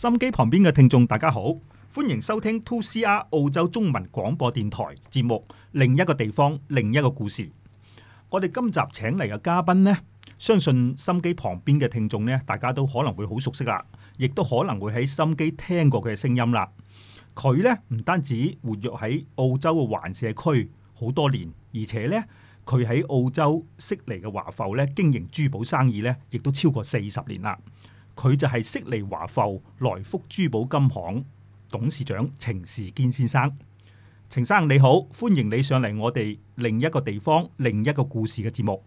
心機旁邊嘅聽眾，大家好，歡迎收聽 2CR 澳洲中文廣播電台節目《另一個地方，另一個故事》。我哋今集請嚟嘅嘉賓呢，相信心機旁邊嘅聽眾呢，大家都可能會好熟悉啦，亦都可能會喺心機聽過佢嘅聲音啦。佢呢，唔單止活躍喺澳洲嘅環社區好多年，而且呢，佢喺澳洲悉尼嘅華埠呢經營珠寶生意呢，亦都超過四十年啦。佢就係悉尼華埠來福珠寶金行董事長程仕堅先生，程生你好，歡迎你上嚟我哋另一個地方，另一個故事嘅節目。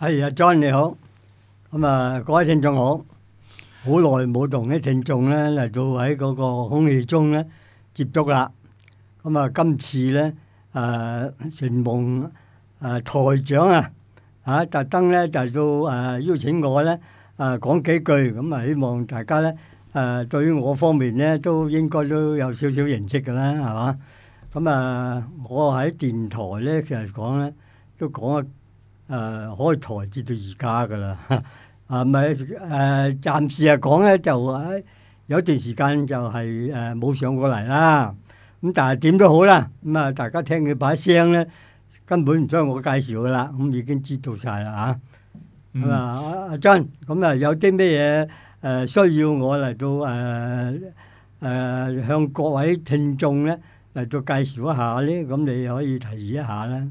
係啊，John 你好，咁啊，各位聽眾好，好耐冇同啲聽眾咧嚟到喺嗰個空氣中咧接觸啦。咁啊，今次咧誒，成夢誒，台長啊，吓特登咧就到誒邀請我咧。啊，講幾句咁啊，希望大家咧，誒對於我方面咧，都應該都有少少認識㗎啦，係嘛？咁啊，我喺電台咧，其實講咧都講誒開台至到而家噶啦，啊咪誒暫時啊講咧就誒有一段時間就係誒冇上過嚟啦。咁但係點都好啦，咁啊大家聽佢把聲咧，根本唔需要我介紹噶啦，咁已經知道曬啦啊！咁啊，阿阿珍，咁、hmm. 啊、uh, 有啲咩嘢誒需要我嚟到誒誒、uh, uh, 向各位聽眾咧嚟到介紹一下咧，咁你可以提示一下啦。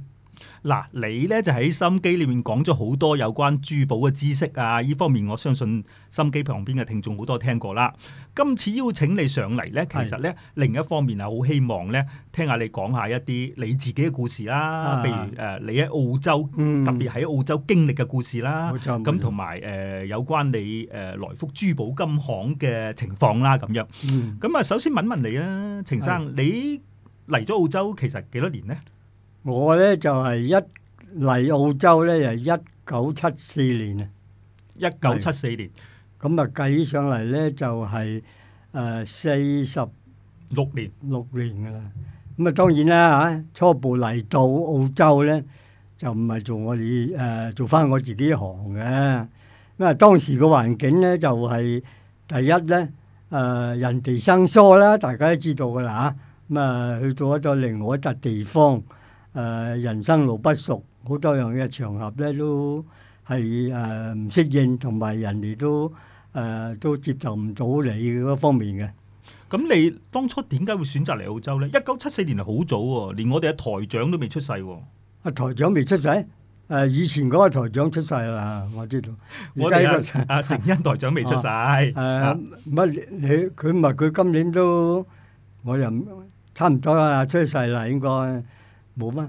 嗱，你咧就喺心機裏面講咗好多有關珠寶嘅知識啊！依方面我相信心機旁邊嘅聽眾好多聽過啦。今次邀請你上嚟咧，其實咧另一方面係好希望咧，聽下你講下一啲你自己嘅故事啦。譬如誒，你喺澳洲，特別喺澳洲經歷嘅故事啦。咁同埋誒有關你誒萊福珠寶金行嘅情況啦，咁樣。咁啊，首先問問你啦，程生，你嚟咗澳洲其實幾多年咧？我咧就係一嚟澳洲咧，就一九七四年啊，一九七四年咁啊，計起上嚟咧就係誒四十六年六年噶啦。咁啊，當然啦嚇，初步嚟到澳洲咧就唔係做我哋誒做翻我自己行嘅咁啊。當時個環境咧就係第一咧誒，人地生疏啦，大家都知道噶啦嚇，咁啊，去到咗另外一笪地方。誒人生路不熟，好多樣嘅場合咧都係誒唔適應，同埋人哋都誒都接受唔到你嗰方面嘅。咁你當初點解會選擇嚟澳洲咧？一九七四年係好早喎，連我哋嘅台長都未出世喎。啊，台長未出世？誒，以前嗰個台長出世啦，我知道。我係啊，成恩台長未出世。誒，乜你佢唔係佢今年都，我又差唔多啊出世啦，應該。冇咩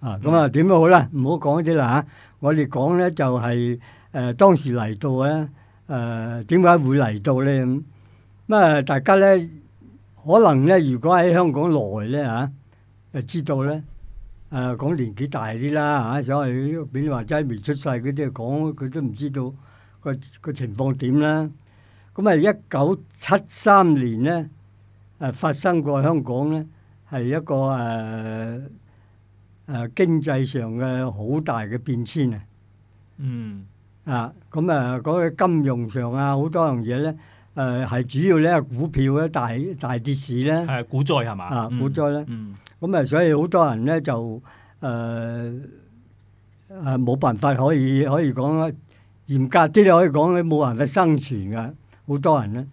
啊？咁啊點都好啦，唔好講呢啲啦嚇。我哋講咧就係誒當時嚟到咧誒點解會嚟到咧咁。咁啊大家咧可能咧如果喺香港來咧嚇，就知道咧誒講年紀大啲啦嚇，所以俾你話齋未出世嗰啲講佢都唔知道個個情況點啦。咁啊一九七三年咧誒發生過香港咧係一個誒，誒、啊、經濟上嘅好大嘅變遷啊！嗯啊，咁啊，講起金融上啊，好多樣嘢咧，誒係主要咧股票咧大大跌市咧，係股災係嘛啊股災咧，咁、嗯、啊，嗯、所以好多人咧就誒誒冇辦法可以可以講咧，嚴格啲咧可以講咧冇辦法生存㗎，好多人咧。咁、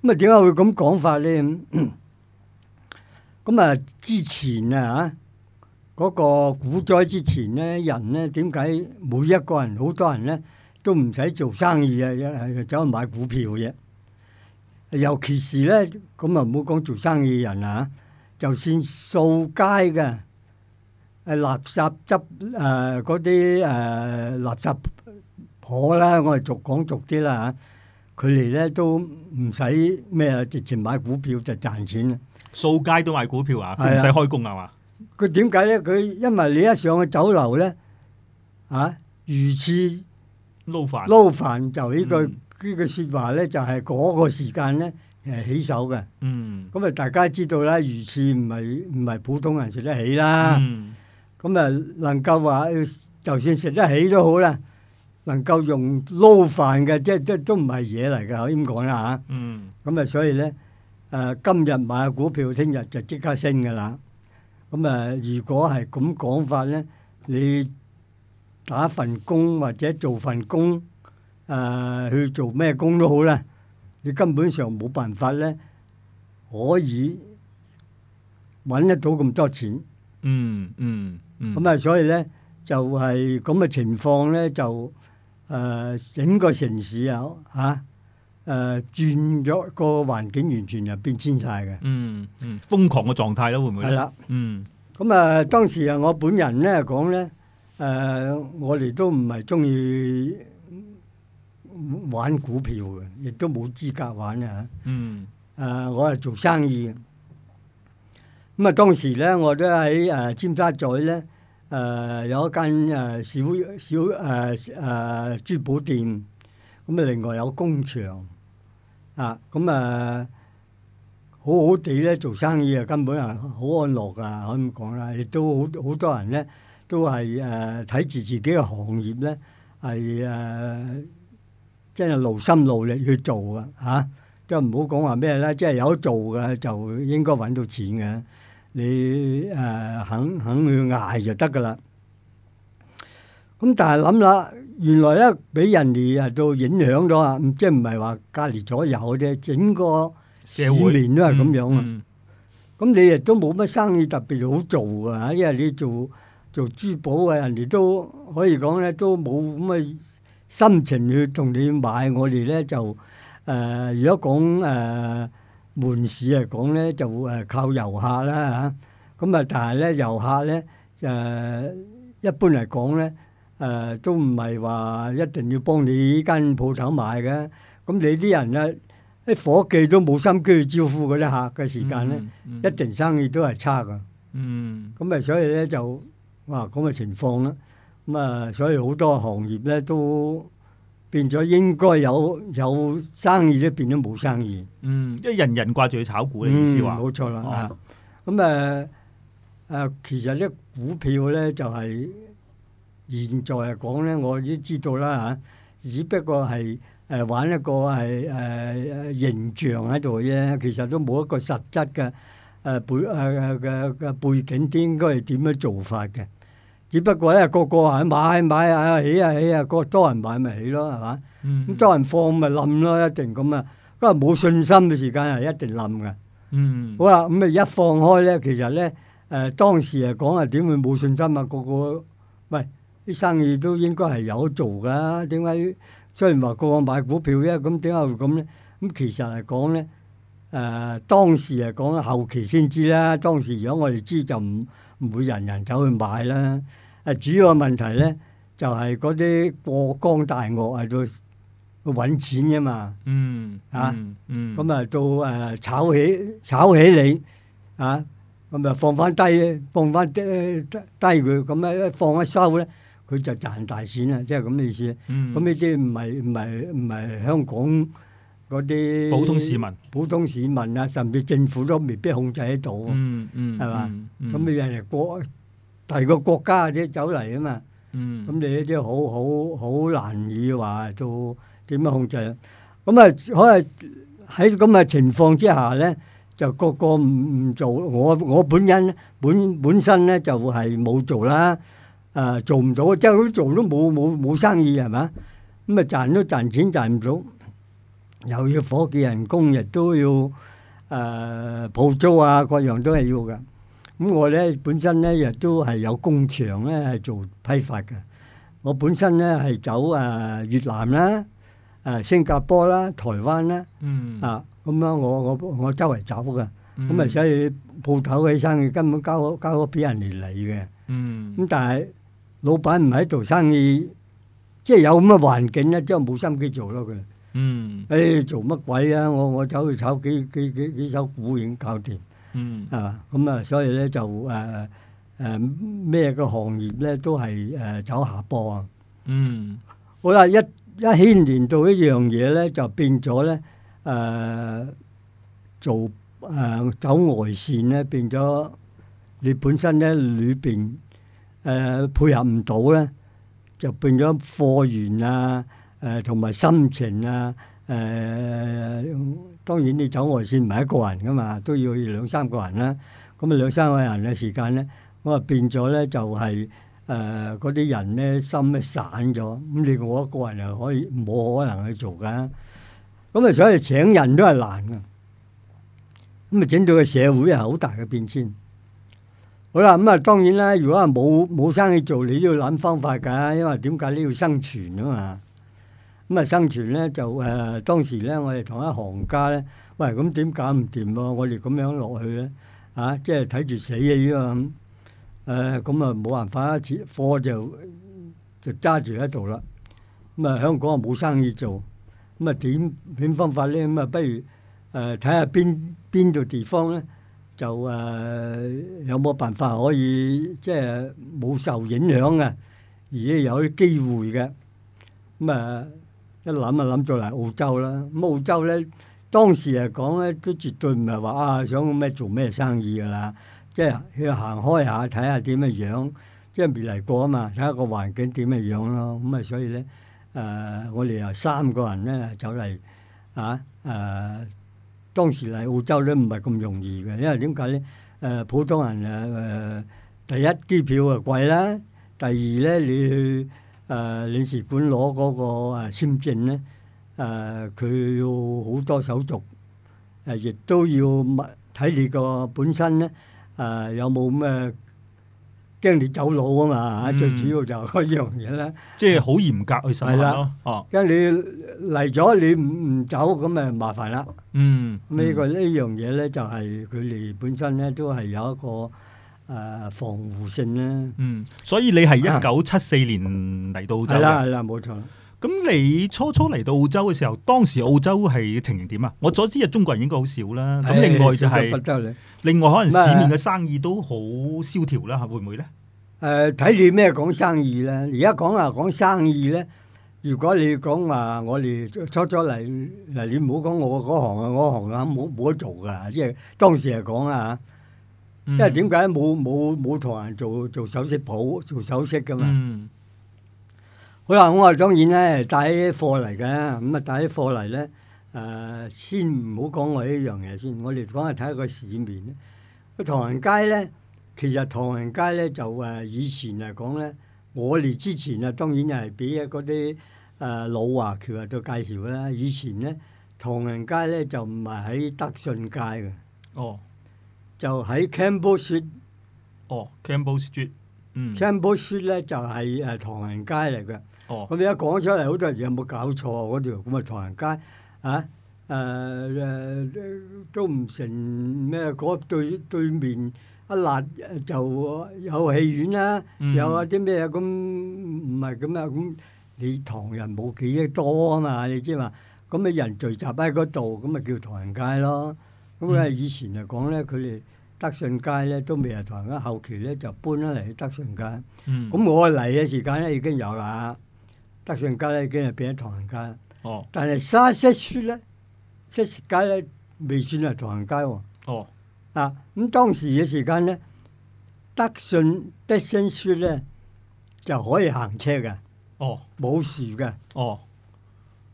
嗯、啊點解會咁講法咧？咁咁啊之前啊嚇。啊嗰個股災之前咧，人咧點解每一個人好多人咧都唔使做生意啊，係走去買股票嘅。尤其是咧，咁啊唔好講做生意人啊，就算掃街嘅係垃圾執誒嗰啲誒垃圾婆啦，我哋逐講逐啲啦嚇。佢哋咧都唔使咩啊，直情買股票就賺錢啊！掃街都買股票啊？佢唔使開工啊嘛？佢點解咧？佢因為你一上去酒樓咧，啊魚翅撈飯，撈飯就呢句呢個説話咧，就係嗰個時間咧誒起手嘅。咁啊，大家知道啦，魚翅唔係唔係普通人食得起啦。咁啊，能夠話就算食得起都好啦，能夠用撈飯嘅，即即都唔係嘢嚟㗎。咁講啦嚇？咁啊，所以咧誒，今日買股票，聽日就即刻升㗎啦。咁誒，如果係咁講法咧，你打份工或者做份工，誒、呃、去做咩工都好啦，你根本上冇辦法咧可以揾得到咁多錢。嗯嗯咁啊，嗯、所以咧就係咁嘅情況咧，就誒、呃、整個城市啊嚇。誒，轉咗、呃，這個環境完全就變遷晒嘅、嗯，嗯，瘋狂嘅狀態咯，會唔會咧？係啦、呃呃，嗯，咁啊，當時啊，我本人咧講咧，誒，我哋都唔係中意玩股票嘅，亦都冇資格玩啊，嗯，誒，我係做生意，咁啊，當時咧，我都喺誒、呃、尖沙咀咧，誒、呃，有一間誒小小誒誒、呃呃、珠寶店，咁啊，另外有工場。啊，咁、嗯、啊，好好地咧做生意啊，根本係好安樂噶，可以咁講啦。亦都好好多人咧，都係誒睇住自己嘅行業咧，係誒，即係勞心勞力去做啊。嚇，即係唔好講話咩啦，即係有得做嘅就應該揾到錢嘅。你誒、呃、肯肯去捱就得噶啦。咁、嗯、但係諗啦。原來咧俾人哋啊都影響咗啊，即唔係話隔離左右啫，整個市面都係咁樣啊。咁、嗯、你亦都冇乜生意特別好做㗎，因為你做做珠寶啊，人哋都可以講咧，都冇咁嘅心情去同你買。我哋咧就誒、呃，如果講誒、呃、門市嚟講咧，就誒靠遊客啦嚇。咁啊，但係咧遊客咧誒，一般嚟講咧。誒都唔係話一定要幫你間鋪頭買嘅，咁你啲人咧，啲夥計都冇心機去招呼嗰啲客嘅時間咧，一定生意都係差噶。嗯，咁誒所以咧就，哇咁嘅情況啦。咁啊，所以好多行業咧都變咗應該有有生意咧變咗冇生意。嗯，即係人人掛住去炒股嘅意思話。冇錯啦。啊，咁誒誒其實啲股票咧就係。現在講咧，我都知道啦嚇。只不過係誒、呃、玩一個係誒、呃、形象喺度啫，其實都冇一個實質嘅誒背誒誒嘅嘅背景應該係點樣做法嘅？只不過咧個個係買買啊起啊起啊，個、啊、多人買咪起咯，係嘛？咁、嗯嗯、多人放咪冧咯，一定咁啊！嗰陣冇信心嘅時間係一定冧㗎。嗯，嗯。好啦，咁咪一放開咧，其實咧誒、呃、當時啊講啊點會冇信心啊個個？啲生意都應該係有做噶，點解？雖然話個個買股票啫，咁點解會咁咧？咁其實嚟講咧，誒、呃、當時嚟講後期先知啦。當時如果我哋知就唔唔會人人走去買啦。誒主要個問題咧就係嗰啲過江大鱷喺度揾錢啫嘛，嗯。嗯。啊。咁啊到誒炒起炒起你，啊咁啊放翻低放翻低、嗯、放低佢，咁咧放一收咧。佢就賺大錢啦，即係咁嘅意思。咁你啲唔係唔係唔係香港嗰啲普通市民、普通市民啊，甚至政府都未必控制得到。嗯嗯，係嘛？咁你人哋國第個國家啲走嚟啊嘛。嗯，咁你啲好好好難以話做點樣控制。咁啊，可能喺咁嘅情況之下咧，就個個唔唔做。我我本人本本身咧就係冇做啦。誒、呃、做唔到，即係都做都冇冇冇生意係嘛？咁啊、嗯、賺都賺錢賺唔到，又要夥計人工，亦都要誒鋪、呃、租啊，各樣都係要嘅。咁、嗯、我咧本身咧亦都係有工場咧係做批發嘅。我本身咧係走誒、呃、越南啦、誒、呃、新加坡啦、台灣啦，啊咁、嗯嗯、樣我我我周圍走嘅。咁啊所以鋪頭嘅生意根本交交咗俾人哋嚟嘅。咁、嗯嗯、但係老闆唔喺度生意，即係有咁嘅環境咧，即係冇心機做咯佢哋。嗯，誒、哎、做乜鬼啊？我我走去炒幾幾幾幾首股已經搞掂。嗯，啊，咁啊，所以咧就誒誒咩嘅行業咧都係誒、呃、走下坡啊。嗯，好啦，一一牽連到一樣嘢咧，就變咗咧誒做誒、呃、走外線咧，變咗你本身咧裏邊。裏面誒配合唔到咧，就變咗貨源啊，誒同埋心情啊，誒當然你走外線唔係一個人噶嘛，都要兩三個人啦。咁啊兩三個人嘅時間咧，我話變咗咧就係誒嗰啲人咧心咧散咗。咁你我一個人又可以冇可能去做㗎。咁啊所以請人都係難㗎。咁啊整到個社會係好大嘅變遷。好啦，咁啊當然啦，如果係冇冇生意做，你都要諗方法㗎，因為點解都要生存啊嘛。咁啊生存咧就誒，當時咧我哋同一行家咧，喂咁點解唔掂點搞唔掂喎？我哋咁樣落去咧，啊即係睇住死啊依個咁。誒咁啊冇辦法啊，切貨就就揸住喺度啦。咁啊香港啊冇生意做，咁啊點點方法咧？咁啊不如誒睇下邊邊度地方咧？就誒有冇辦法可以即係冇受影響啊？而且有啲機會嘅咁啊，一諗就諗咗嚟澳洲啦。咁澳洲咧當時嚟講咧，都絕對唔係話啊想咩做咩生意噶啦，即係去行開下睇下點嘅樣，即係未嚟過啊嘛，睇下個環境點嘅樣咯。咁啊，所以咧誒，我哋啊三個人咧就嚟啊誒。當時嚟澳洲都唔係咁容易嘅，因為點解咧？誒，普通人誒誒、呃，第一機票啊貴啦，第二咧你去誒、呃、領事館攞嗰個誒簽證咧，誒佢要好多手續，誒、呃、亦都要物睇你個本身咧誒、呃、有冇咩？驚你走佬啊嘛，嗯、最主要就嗰樣嘢咧。即係好嚴格去審核咯、啊。哦了，咁、啊、你嚟咗你唔唔走咁咪麻煩啦。嗯，呢、呢個呢樣嘢咧就係佢哋本身咧都係有一個誒防護性咧。嗯，所以你係一九七四年嚟到澳洲。係啦、啊，係啦，冇錯。咁你初初嚟到澳洲嘅時候，當時澳洲係情形點啊？我所知啊，中國人應該好少啦。咁另外就係另外可能市面嘅生意都好蕭條啦，嚇會唔會咧？誒、哎，睇、啊呃、你咩講生意啦。而家講啊講生意咧，如果你講話、啊、我哋初初嚟，嗱你唔好講我嗰行啊，嗰行啊冇冇、啊、得做噶，即係當時嚟講啊因為點解冇冇冇同人做做首飾鋪做首飾噶嘛？嗯好啦，我話當然咧，帶啲貨嚟嘅，咁啊帶啲貨嚟咧，誒先唔好講我呢樣嘢先，我哋講下睇下個市面。個唐人街咧，其實唐人街咧就誒以前嚟講咧，我嚟之前啊，當然又係俾嗰啲誒老華僑啊都介紹啦。以前咧，唐人街咧就唔係喺德信街嘅，哦，就喺、oh. oh. Campbell Street，哦 Campbell Street。Temple Street 咧就係誒唐人街嚟嘅，咁你一講出嚟，好多人有冇搞錯嗰條，咁嘅唐人街啊誒誒、啊啊、都唔成咩？嗰對對面一落就有戲院啦、啊，嗯、有啊啲咩咁唔係咁啊咁？你唐人冇幾多啊嘛，你知嘛？咁你人聚集喺嗰度，咁咪叫唐人街咯。咁啊以前嚟講咧，佢哋、嗯。德信街咧都未係唐人街，後期咧就搬咗嚟德信街。咁、嗯、我嚟嘅時間咧已經有啦，德信街咧已經係變咗唐人街啦。哦，但係莎瑟街咧、莎瑟街咧未算係唐人街喎。哦，哦啊，咁當時嘅時間咧，德信、德信街咧就可以行車嘅。哦，冇樹嘅。哦，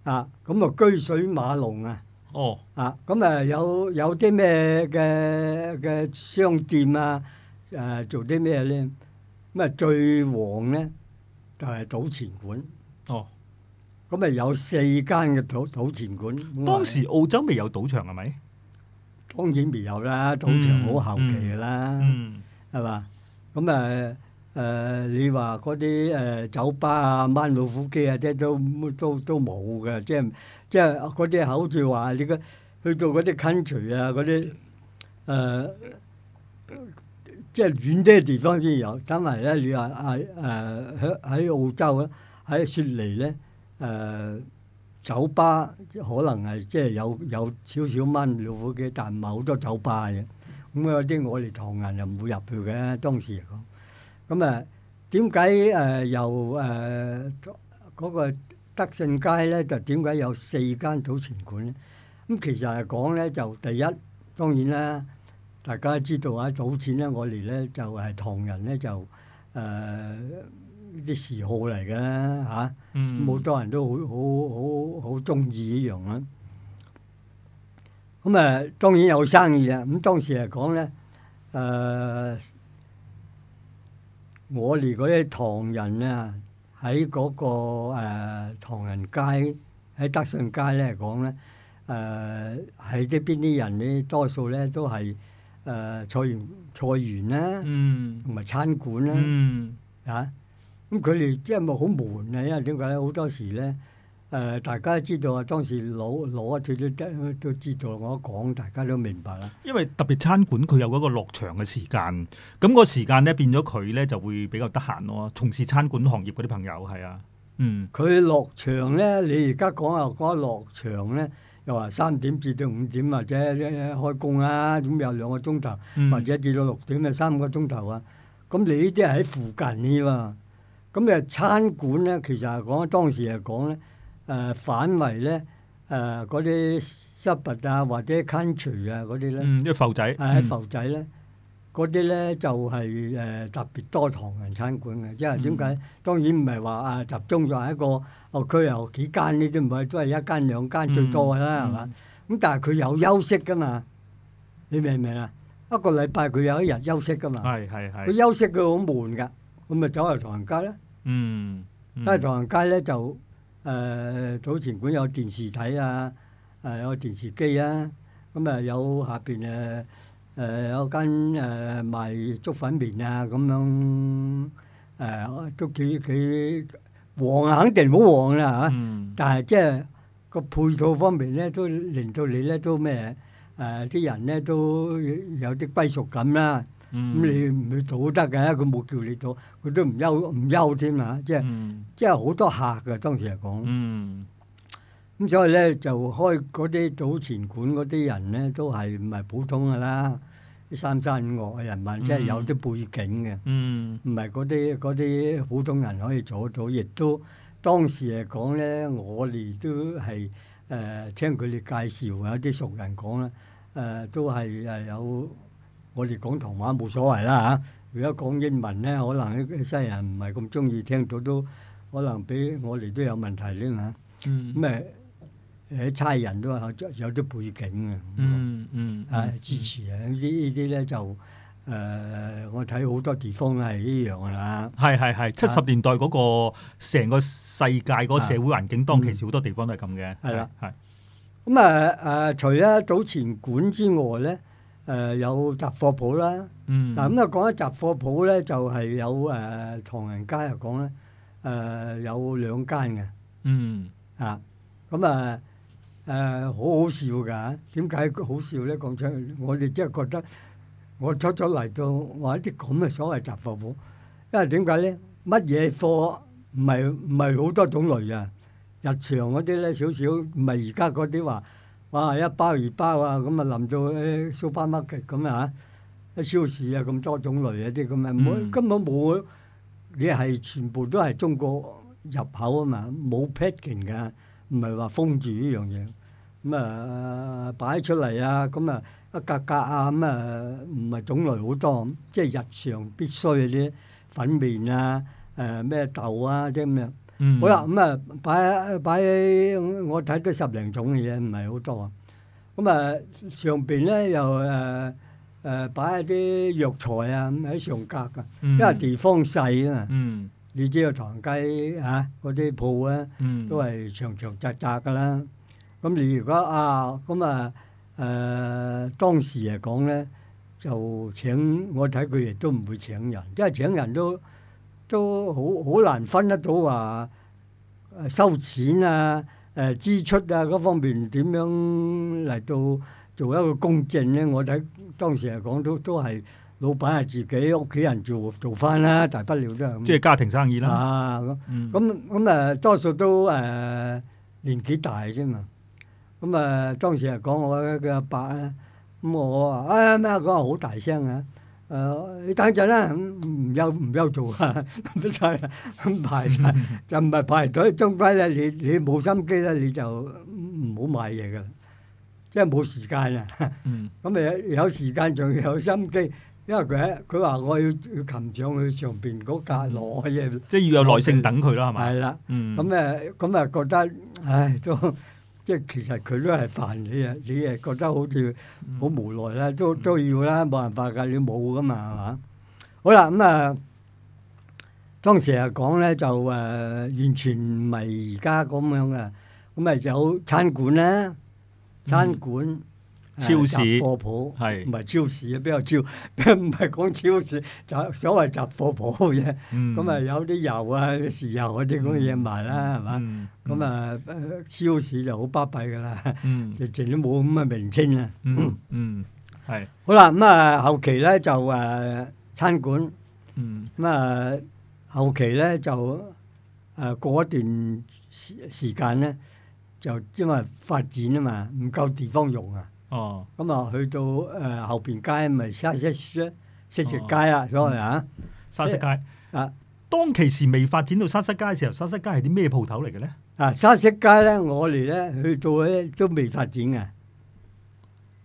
啊，咁啊居水馬龍啊。哦啊，啊，咁啊有有啲咩嘅嘅商店啊，誒做啲咩咧？咁啊最旺咧就係、是、賭錢館。哦，咁啊有四間嘅賭賭錢館。當時澳洲未有賭場係咪？是是當然未有啦，賭場好後期㗎啦，係嘛、嗯？咁、嗯、啊。誒、呃、你話嗰啲誒酒吧啊、掹老虎機啊啲都都都冇嘅，即係即嗰啲好似話你個去到嗰啲 country 啊嗰啲誒，即係遠啲地方先有。加埋咧，你話誒誒喺喺澳洲啊，喺雪梨咧誒、呃、酒吧可能係即係有有少少掹老虎機，但唔係好多酒吧嘅。咁有啲我哋唐人就唔會入去嘅當時嚟講。咁啊，點解誒由誒嗰個德信街咧，就點解有四間賭錢館咧？咁其實嚟講咧，就第一當然啦，大家知道啊，賭錢咧，我哋咧就係、是、唐人咧就誒呢啲嗜好嚟嘅嚇，好、呃啊嗯、多人都好好好好中意呢樣啦。咁啊，當然有生意啊。咁當時嚟講咧，誒、呃。我哋嗰啲唐人啊、那個，喺嗰個誒唐人街，喺德信街咧講咧，誒喺啲邊啲人咧，多數咧都係誒菜園菜園啦，同、呃、埋、啊嗯、餐館啦、啊，嚇、嗯，咁佢哋即係咪好悶啊？因為點解咧？好多時咧。誒、呃，大家知道啊，當時攞攞啊，脫咗啲都知道，我一講大家都明白啦。因為特別餐館佢有嗰個落場嘅時間，咁個時間咧變咗佢咧就會比較得閒咯。從事餐館行業嗰啲朋友係啊，嗯，佢落場咧，嗯、你而家講又講落場咧，又話三點至到五點或者一開工啊，咁有兩個鐘頭，嗯、或者至到六點啊，三個鐘頭啊，咁、嗯、你呢啲係喺附近㗎、啊、嘛？咁你餐館咧，其實係講當時係講咧。誒反而咧，誒嗰啲濕物啊，或者鏟除啊嗰啲咧，啲浮仔，誒浮仔咧，嗰啲咧就係誒特別多唐人餐館嘅，因為點解？當然唔係話啊集中咗喺一個區有幾間呢啲唔係，都係一間兩間最多啦，係嘛？咁但係佢有休息㗎嘛？你明唔明啊？一個禮拜佢有一日休息㗎嘛？係係係。佢休息佢好悶㗎，咁咪走嚟唐人街咧？嗯，因為唐人街咧就。誒早前館有電視睇啊，誒、啊、有電視機啊，咁、啊、誒有下邊誒誒有間誒、啊、賣粥粉麵啊咁樣，誒、啊啊、都幾幾旺肯定好旺啦嚇。嗯、但係即係個配套方面咧都令到你咧都咩誒啲人咧都有啲歸屬感啦、啊。咁、嗯嗯、你唔去賭都得嘅，佢冇叫你賭，佢都唔憂唔憂添啊！即係、嗯、即係好多客嘅當時嚟講。咁、嗯嗯、所以咧就開嗰啲賭錢館嗰啲人咧都係唔係普通嘅啦？啲三山五岳嘅人民，嗯、即係有啲背景嘅，唔係嗰啲嗰啲普通人可以做得到。亦都當時嚟講咧，我哋都係誒、呃、聽佢哋介紹有啲熟人講啦，誒、呃、都係誒有。我哋講唐話冇所謂啦嚇，如果講英文咧，可能啲西人唔係咁中意聽到，都可能俾我哋都有問題先嚇。嗯，咁誒誒啲差人都有有啲背景嘅。嗯嗯，啊支持啊，呢啲呢啲咧就誒，我睇好多地方係呢樣㗎啦。係係係，七十年代嗰個成個世界嗰個社會環境，當其時好多地方都係咁嘅。係啦，係。咁誒誒，除咗早前館之外咧。誒、呃、有雜貨鋪啦，嗱咁啊，啊，、呃、啊講一雜貨鋪咧，就係有誒唐人街又講咧，誒有兩間嘅，啊，咁啊誒好好笑噶，點解好笑咧？講出我哋即係覺得我出咗嚟到話啲咁嘅所謂雜貨鋪，因為點解咧？乜嘢貨唔係唔係好多種類啊？日常嗰啲咧少少，唔係而家嗰啲話。哇！一包二包啊，咁啊臨到啲蘇班乜嘅咁啊，啲超市啊咁多種類嗰啲咁啊，冇根本冇，你係全部都係中國入口啊嘛，冇 packing 嘅，唔係話封住呢樣嘢。咁啊擺出嚟啊，咁啊一格格啊，咁啊唔係種類好多，即係日常必需嗰啲粉麵啊，誒咩豆啊啲咁樣。嗯、好啦，咁、嗯、啊、嗯嗯，擺啊擺，我睇到十零種嘅嘢，唔係好多。咁、嗯、啊，上邊咧又誒誒擺一啲藥材啊，咁喺上格噶、啊，嗯、因為地方細啊。嗯。你知道唐人街嚇嗰啲鋪咧，都係長長窄窄噶啦。咁、嗯嗯、你如果啊，咁啊誒當時嚟講咧，就請我睇佢亦都唔會請人，因為請人都。都好好難分得到話誒收錢啊、誒支出啊，嗰方面點樣嚟到做一個公正咧？我睇當時係講都都係老闆係自己屋企人做做翻啦，大不了都係。即係家庭生意啦。嚇！咁咁咁啊，多數都誒年紀大啫嘛。咁啊，當時係講，我咧佢阿伯咧，咁我話，啊咩講啊，好大聲啊！誒，你等陣啦，唔休唔休做啊，排曬就唔係排隊，終歸咧你你冇心機啦，你就唔好買嘢㗎喇，即係冇時間啊。咁咪有時間仲要有心機，因為佢喺佢話我要要擒上去上邊嗰格攞嘢，即係要有耐性等佢囉，係咪？係啦，咁誒咁誒覺得，唉都～即其實佢都係煩你啊！你誒覺得好似好無奈啦，嗯、都都要啦，冇辦法㗎，你冇㗎嘛係嘛？嗯、好啦，咁、嗯、啊，當時啊講咧就誒、呃、完全唔係而家咁樣嘅，咁咪有餐館啦，餐館。嗯超市、貨鋪，唔係超市啊？比較超，並唔係講超市，就所謂雜貨鋪嘅咁啊，有啲油啊、豉油嗰啲咁嘅嘢賣啦，係嘛？咁啊，超市就好巴閉噶啦，就直情都冇咁嘅名稱啊。嗯，係。好啦，咁啊，後期咧就誒餐館。咁啊，後期咧就誒過一段時時間咧，就因為發展啊嘛，唔夠地方用啊。哦，咁啊、嗯，嗯、去到誒、呃、後邊街咪莎瑟街，莎瑟街啊，所謂啊，莎瑟街啊，當其時未發展到莎瑟街嘅時候，莎瑟街係啲咩鋪頭嚟嘅咧？啊，莎瑟街咧，我哋咧去到咧都未發展嘅，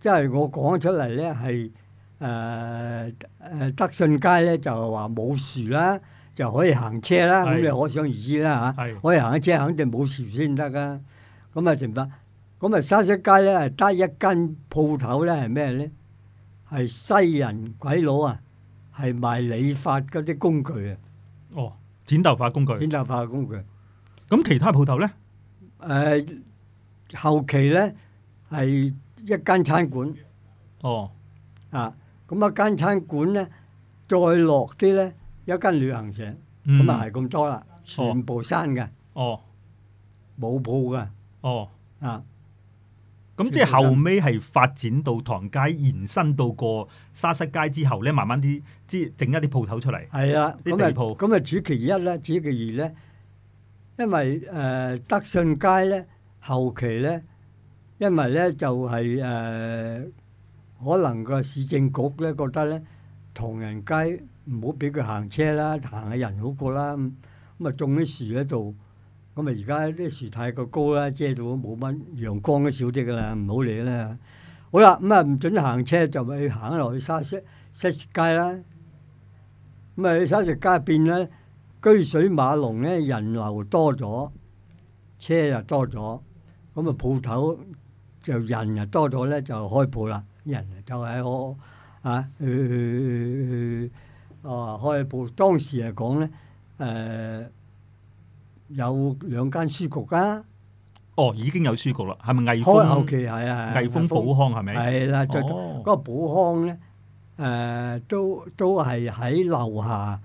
即、就、係、是、我講出嚟咧係誒誒德信街咧就話冇樹啦，就可以行車啦。咁的你可想而知啦吓，可以行車肯定冇樹先得噶，咁啊，仲得。咁啊！莎瑟街咧，得一間鋪頭咧，係咩咧？係西人鬼佬啊，係賣理髮嗰啲工具啊。哦，剪頭髮工具。剪頭髮工具。咁其他鋪頭咧？誒，後期咧係一間餐館。哦。啊，咁一間餐館咧，再落啲咧，一間旅行社，咁啊，係咁多啦，全部閂嘅。哦。冇鋪嘅。哦。啊。咁即係後尾係發展到唐街延伸到過莎瑟街之後咧，慢慢啲即整一啲鋪頭出嚟。係啊，咁啊鋪，主其一咧，主其二咧，因為誒、呃、德信街咧後期咧，因為咧就係、是、誒、呃、可能個市政局咧覺得咧唐人街唔好俾佢行車啦，行下人好過啦，咁啊種啲樹喺度。咁啊！而家啲樹太過高啦，遮到冇乜陽光都少啲噶啦，唔好理啦。好啦，咁啊唔准行車，就去行一路去莎瑟莎瑟街啦。咁啊，去莎瑟街入邊咧，車水馬龍咧，人流多咗，車又多咗，咁啊鋪頭就人又多咗咧，就開鋪啦。人就係、是、我啊去去去啊開鋪。當時係講咧，誒、呃。有兩間書局啊！哦，已經有書局啦，係咪魏峰？開後期係啊，魏峰寶康係咪？係啦，再嗰、啊哦嗰個寶康咧，誒、呃、都都係喺樓下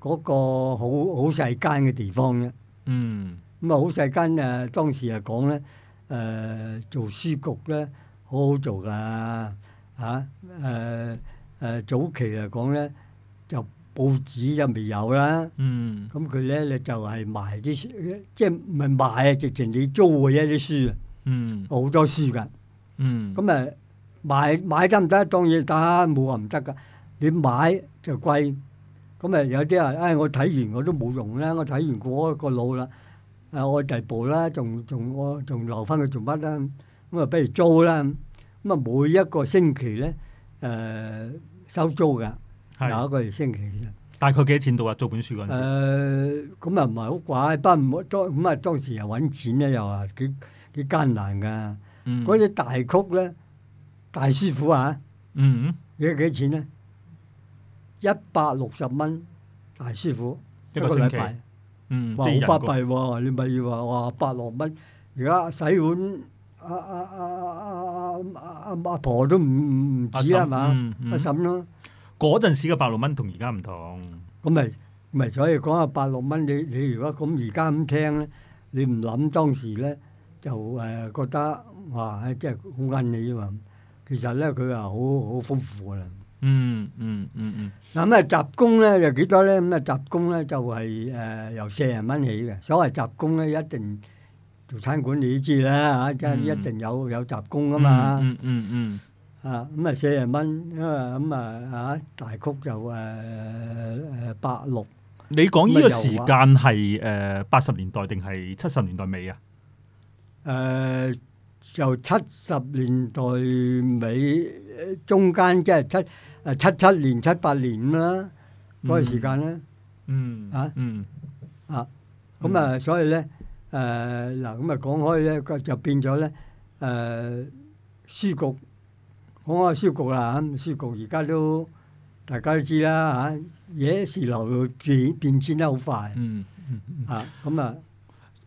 嗰個好好細間嘅地方嘅、啊。嗯，咁啊好細間啊！當時啊講咧，誒、呃、做書局咧，好好做噶嚇，誒誒早期嚟講咧就。報紙就未有啦，咁佢咧你就係賣啲，即係唔係賣啊？直情你租嘅一啲書啊，好多書噶，咁啊買買得唔得？當然得，冇話唔得噶。你買就貴，咁啊有啲人唉我睇完我都冇用啦，我睇完過一個腦啦，啊我第二部啦，仲仲我仲留返佢做乜啦？咁啊不如租啦，咁啊每一個星期咧誒收租噶。有一個月星期啫，大概幾多錢度啊？做本書嗰陣，誒咁啊唔係好掛，不唔當咁啊當時又揾錢咧又啊幾幾艱難噶，嗰啲、嗯、大曲咧，大師傅啊，嗯，要幾多錢咧？一百六十蚊大師傅一個禮拜，嗯，哇好巴閉喎！你咪要話哇百六蚊，而家洗碗阿阿阿阿阿阿阿婆都唔唔唔止啊嘛，阿嬸咯。啊啊嗰陣時嘅八六蚊同而家唔同，咁咪咪所以講下八六蚊，你你如果咁而家咁聽咧，你唔諗當時咧，就誒覺得哇，即係好間你啫嘛。其實咧佢話好好豐富嘅啦、嗯。嗯嗯嗯嗯。嗱咁啊雜工咧又幾多咧？咁啊雜工咧就係、是、誒由四十蚊起嘅。所謂雜工咧一定做餐館你都知啦嚇，即係、嗯、一定有有雜工啊嘛。嗯嗯嗯。嗯嗯嗯。啊，咁啊四廿蚊，咁啊，啊，大概就誒誒百六。你講呢個時間係誒八十年代定係七十年代尾啊？誒，就七十年代尾中間，即係七誒七七年、七八年啦，嗰個時間啦。嗯。啊。嗯。啊，咁啊，所以咧，誒嗱，咁啊講開咧，就變咗咧，誒，書局。好啊，書局啊。書局而家都大家都知啦，嘢、啊、事流變變遷得好快。嗯嗯嗯啊，咁啊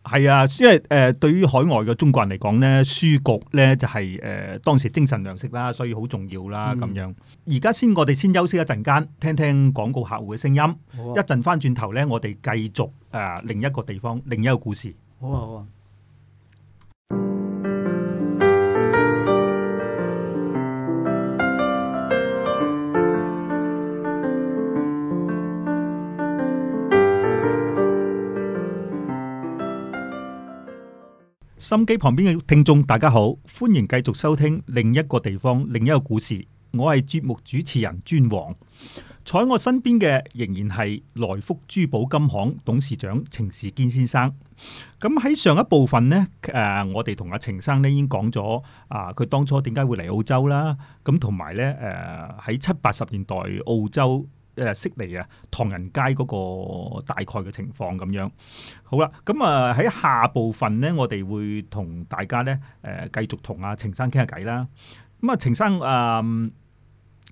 係啊，因為誒對於海外嘅中國人嚟講咧，書局咧就係、是、誒、呃、當時精神糧食啦，所以好重要啦。咁樣而家、嗯、先，我哋先休息一陣間，聽聽廣告客戶嘅聲音。一陣翻轉頭咧，我哋繼續誒、呃、另一個地方，另一個故事。好啊好啊。好啊心機旁邊嘅聽眾大家好，歡迎繼續收聽另一個地方、另一個故事。我係節目主持人尊王，坐喺我身邊嘅仍然係萊福珠寶金行董事長程仕堅先生。咁喺上一部分呢，誒、呃，我哋同阿程生呢已經講咗啊，佢、呃、當初點解會嚟澳洲啦？咁同埋呢誒，喺、呃、七八十年代澳洲。誒悉尼啊，唐人街嗰個大概嘅情況咁樣。好啦，咁啊喺下部分咧，我哋會同大家咧誒繼續同阿程生傾下偈啦。咁啊，程生啊，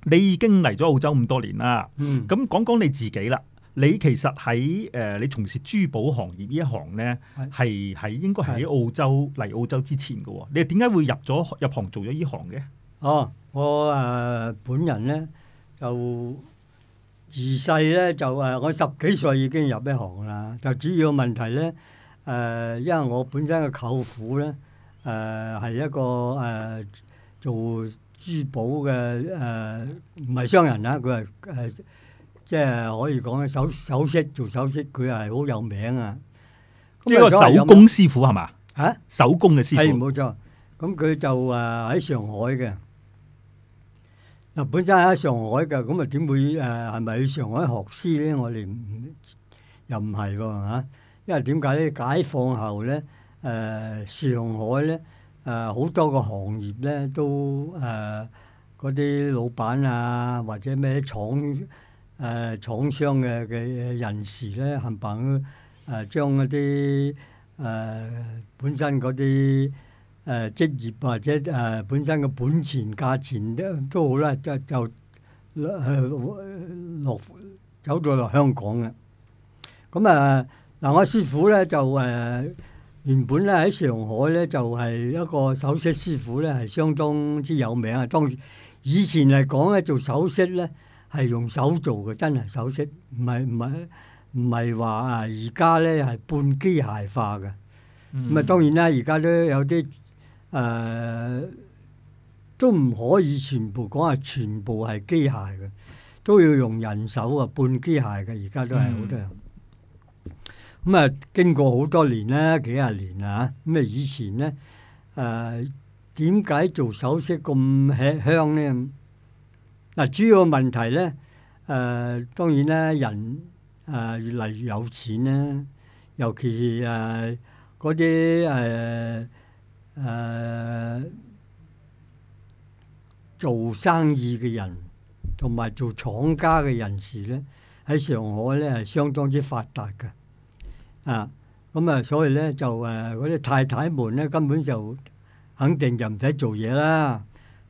你已經嚟咗澳洲咁多年啦。嗯。咁講講你自己啦。你其實喺誒你從事珠寶行業呢一行咧，係喺是應該係喺澳洲嚟是澳洲之前嘅喎。你點解會入咗入行做咗呢行嘅？哦，我誒、呃、本人咧就。自細咧就誒，我十幾歲已經入一行啦。就主要問題咧誒、呃，因為我本身嘅舅父咧誒係一個誒、呃、做珠寶嘅誒，唔、呃、係商人啦，佢係誒即係可以講首首飾做首飾，佢係好有名個啊。即係個手工師傅係嘛？嚇！手工嘅師傅係，冇錯。咁佢就誒喺、呃、上海嘅。嗱，本身喺上海㗎，咁啊點會誒係咪去上海學師咧？我哋唔又唔係喎嚇，因為點解咧？解放後咧，誒、呃、上海咧，誒、呃、好多個行業咧都誒嗰啲老闆啊，或者咩廠誒、呃、廠商嘅嘅人士咧，冚棒唥誒將嗰啲誒本身嗰啲。誒職業或者誒本身嘅本錢價錢都都好啦，就就落落走咗落香港嘅。咁啊嗱，我師傅咧就誒原本咧喺上海咧就係一個首飾師傅咧，係相當之有名啊。當以前嚟講咧做首飾咧係用手做嘅，真係首飾，唔係唔係唔係話啊而家咧係半機械化嘅。咁啊當然啦，而家都有啲。誒、呃、都唔可以全部講話全部係機械嘅，都要用人手啊，半機械嘅，而家都係好、嗯、多人。咁、嗯、啊，經過好多年啦，幾十年啊，咁、嗯、啊，以前咧誒點解做首飾咁吃香咧？嗱、啊，主要問題咧誒、呃，當然啦，人誒、呃、越嚟越有錢啦，尤其是誒嗰啲誒。呃誒、呃、做生意嘅人同埋做廠家嘅人士咧，喺上海咧係相當之發達嘅，啊咁啊、嗯，所以咧就誒嗰啲太太們咧根本就肯定就唔使做嘢啦，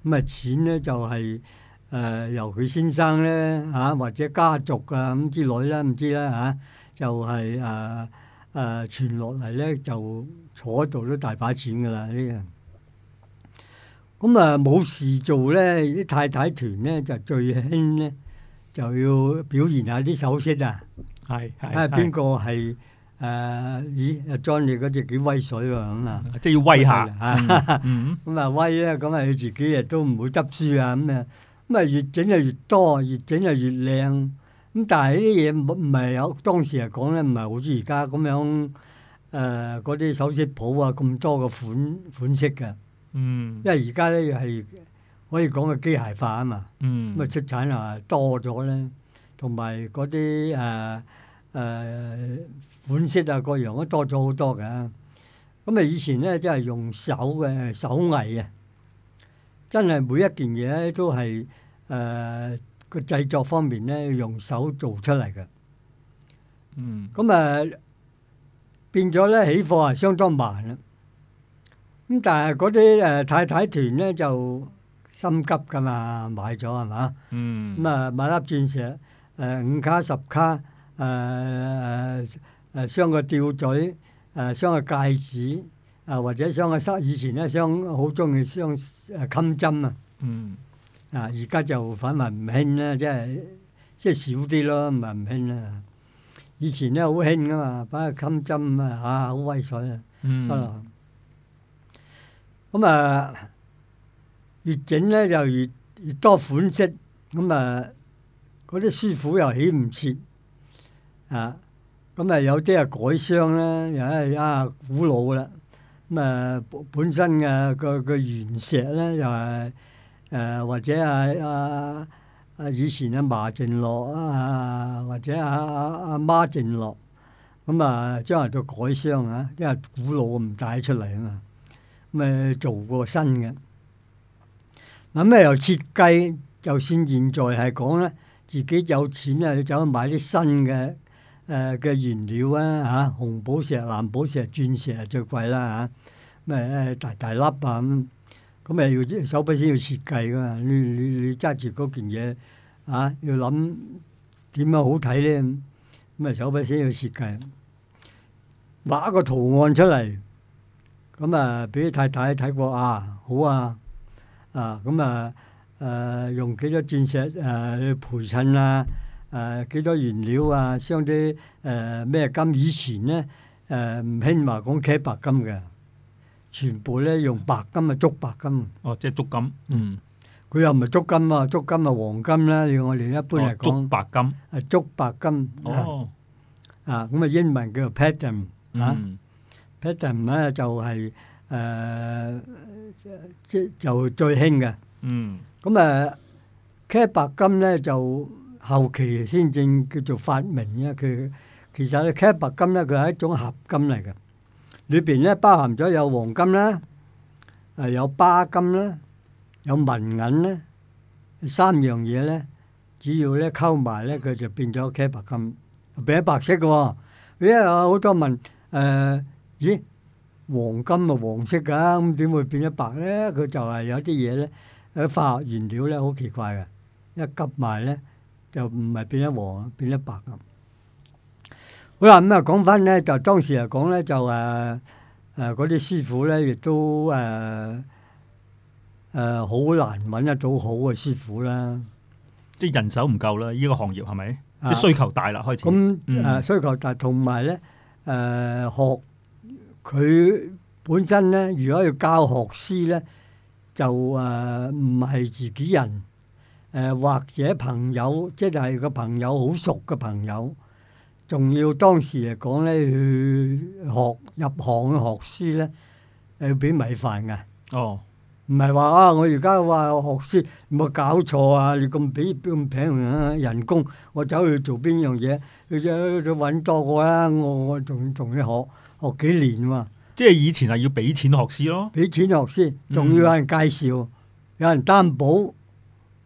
咁、嗯、啊錢咧就係、是、誒、呃、由佢先生咧嚇、啊、或者家族啊咁之類啦唔知啦嚇、啊，就係、是、誒。呃誒、呃、傳落嚟咧就坐喺度都大把錢噶啦呢人，咁啊冇事做咧啲太太團咧就最興咧就要表現下啲首飾啊，係啊邊個係誒咦裝住嗰隻幾威水喎咁啊，即係要威下嚇，咁啊威咧咁啊佢自己亦都唔會執輸啊咁啊，咁啊越整就越多，越整就越靚。嗯嗯咁但係呢啲嘢唔唔係有當時係講咧，唔係好似而家咁樣誒嗰啲首飾鋪啊咁多嘅款款式嘅。嗯，因為而家咧又係可以講嘅機械化啊嘛，嗯，咁啊出產量多咗咧，同埋嗰啲誒誒款式啊各樣都多咗好多嘅，咁啊以前咧真係用手嘅手藝啊，真係每一件嘢咧都係誒。呃個製作方面咧，用手做出嚟嘅，嗯，咁啊變咗咧起貨係相當慢啊，咁但係嗰啲誒太太團咧就心急噶嘛，買咗係嘛，嗯，咁啊買粒鑽石，誒五卡十卡，誒誒誒，鑲、呃啊、個吊墜，誒、啊、鑲個戒指，啊或者鑲個塞，以前咧鑲好中意鑲誒襟針啊，針啊嗯。啊！而家就反為唔興啦，即係即係少啲咯，唔興啦。以前咧好興噶嘛，擺個襟針啊嚇，好威水啊！咁、嗯、啊，越整咧就越越多款式，咁啊，嗰啲師傅又起唔切啊！咁啊，有啲啊改商啦，又係啊古老啦，咁啊本身嘅個個原石咧又係。誒、呃、或者啊啊啊以前嘅嫲淨落啊，或者阿啊啊媽淨落，咁啊將嚟都改商啊，因為古老唔帶出嚟啊嘛，咁做過新嘅，咁咧又設計。就算現在係講咧，自己有錢就啊，走去買啲新嘅誒嘅原料啊嚇，紅寶石、藍寶石、鑽石最貴啊最貴啦嚇，咁、啊、誒、啊、大大粒啊咁。咁咪要即手筆先要設計噶嘛？你你你揸住嗰件嘢啊，要諗點樣好睇咧？咁咪手筆先要設計，畫一個圖案出嚟，咁啊俾太太睇過啊，好啊啊咁啊誒、啊、用幾多鑽石去陪襯啊誒幾、啊啊、多原料啊，鑲啲誒咩金以前咧誒唔興話講茄白金嘅。全部咧用白金啊，足白金。哦，即係足金。嗯，佢又唔係足金啊，足金啊黃金啦。我哋一般嚟講，足白金。啊，足白金。哦。啊，咁啊英文叫 pattern 啊，pattern 咧就係誒即就最興嘅。嗯。咁啊，K 白金咧就後期先正叫做發明啊。佢其實咧 K 白金咧，佢係一種合金嚟嘅。裏邊咧包含咗有黃金啦，誒有巴金啦，有文銀啦。三樣嘢咧，主要咧溝埋咧，佢就變咗茄白金，變咗白色㗎喎。哦。因為有好多問誒、呃，咦，黃金咪、啊、黃色㗎、啊，咁點會變咗白咧？佢就係有啲嘢咧，喺化學原料咧好奇怪嘅，一急埋咧就唔係變咗黃，變咗白咁。咁啊，咁啊，講翻咧，就當時嚟講咧，就誒誒嗰啲師傅咧，亦都誒誒好難揾得到好嘅師傅啦。即係人手唔夠啦，依、呢個行業係咪？係係啊、即係需求大啦，開始。咁誒、嗯啊、需求大，同埋咧誒學佢本身咧，如果要教學師咧，就誒唔係自己人，誒、呃、或者朋友，即係係個朋友好熟嘅朋友。仲要當時嚟講咧，去學入行學書咧，係要俾米飯噶。哦，唔係話啊！我而家話學書唔好搞錯啊！你咁俾咁平人工，我走去做邊樣嘢？你再揾多個啊！我我仲仲要學學幾年啊嘛！即係以前係要俾錢學書咯，俾錢學書，仲要有人介紹，嗯、有人擔保。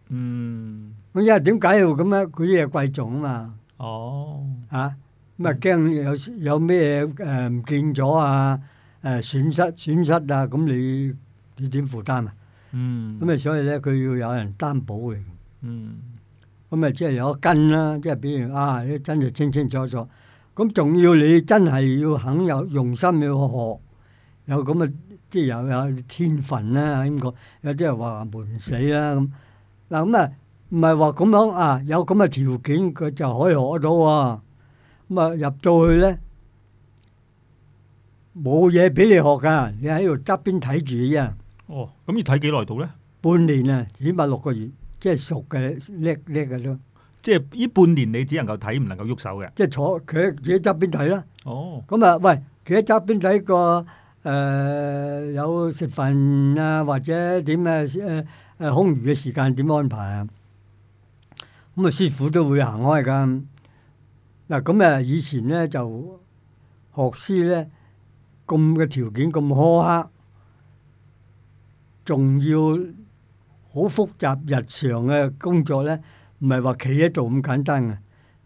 嗯，咁因為點解要咁咧？佢嘢貴重啊嘛。哦，吓？咁啊！驚有有咩誒唔見咗啊？誒、呃、損失損失啊！咁你你點負擔啊？嗯，咁啊，所以咧，佢要有人擔保你。嗯、mm.，咁、就是、啊，即係有得跟啦，即係比如啊，你真係清清楚楚。咁仲要你真係要肯有用心去學，有咁啊，即、就、係、是、有有天分啦、啊，點講？有啲人話悶死啦咁。嗱咁啊～唔係話咁樣啊！有咁嘅條件，佢就可以學到喎。咁啊入到去咧，冇嘢俾你學噶，你喺度側邊睇住啊。哦，咁要睇幾耐到咧？半年啊，起碼六個月，即係熟嘅叻叻嘅咯。即係依半年你只能夠睇，唔能夠喐手嘅。即係坐，企喺自己側邊睇啦。哦。咁啊，喂，企喺側邊睇個誒有食飯啊，或者點啊誒誒空餘嘅時間點安排啊？咁啊！師傅都會行開㗎。嗱咁啊！以前咧就學師咧，咁嘅條件咁苛刻，仲要好複雜，日常嘅工作咧，唔係話企喺度咁簡單嘅。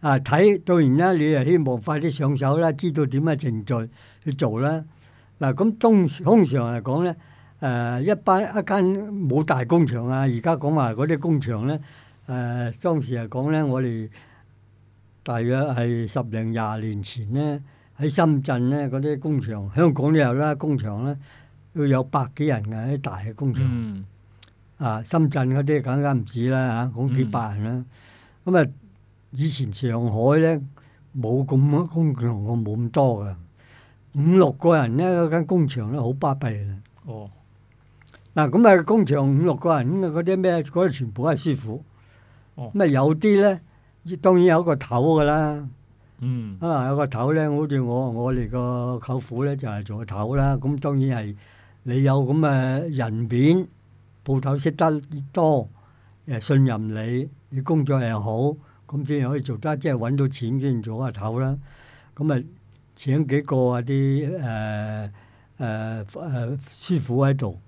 啊，睇到然啦，你啊希望快啲上手啦，知道點嘅程序去做啦。嗱咁通通常嚟講咧，誒一班一間冇大工場啊，而家講話嗰啲工場咧。誒當時係講咧，我哋大約係十零廿年前咧，喺深圳咧嗰啲工場，香港都有啦，工場咧，要有百幾人嘅啲大嘅工場。啊，深圳嗰啲梗梗唔止啦嚇，講幾百人啦。咁啊，以前上海咧冇咁工場，我冇咁多嘅，五六個人咧嗰間工場咧好巴閉嘅。哦，嗱咁啊，工場五六個人，咁啊嗰啲咩，嗰啲全部係師傅。咁啊、哦、有啲咧，當然有個頭噶啦。嗯，啊有個頭咧，好似我我哋個舅父咧就係、是、做個頭啦。咁當然係你有咁嘅人面，鋪頭識得多，誒信任你，你工作又好，咁先可以做得，即係揾到錢先做得個頭啦。咁咪請幾個啲誒誒誒師傅喺度。